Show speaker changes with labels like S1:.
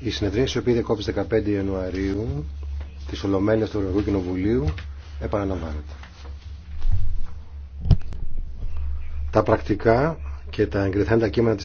S1: Η συνεδρίαση, η οποία διακόπησε 15 Ιανουαρίου τη Ολομέλεια του Ευρωπαϊκού Κοινοβουλίου, επαναλαμβάνεται. Τα πρακτικά και τα εγκριθέντα
S2: κείμενα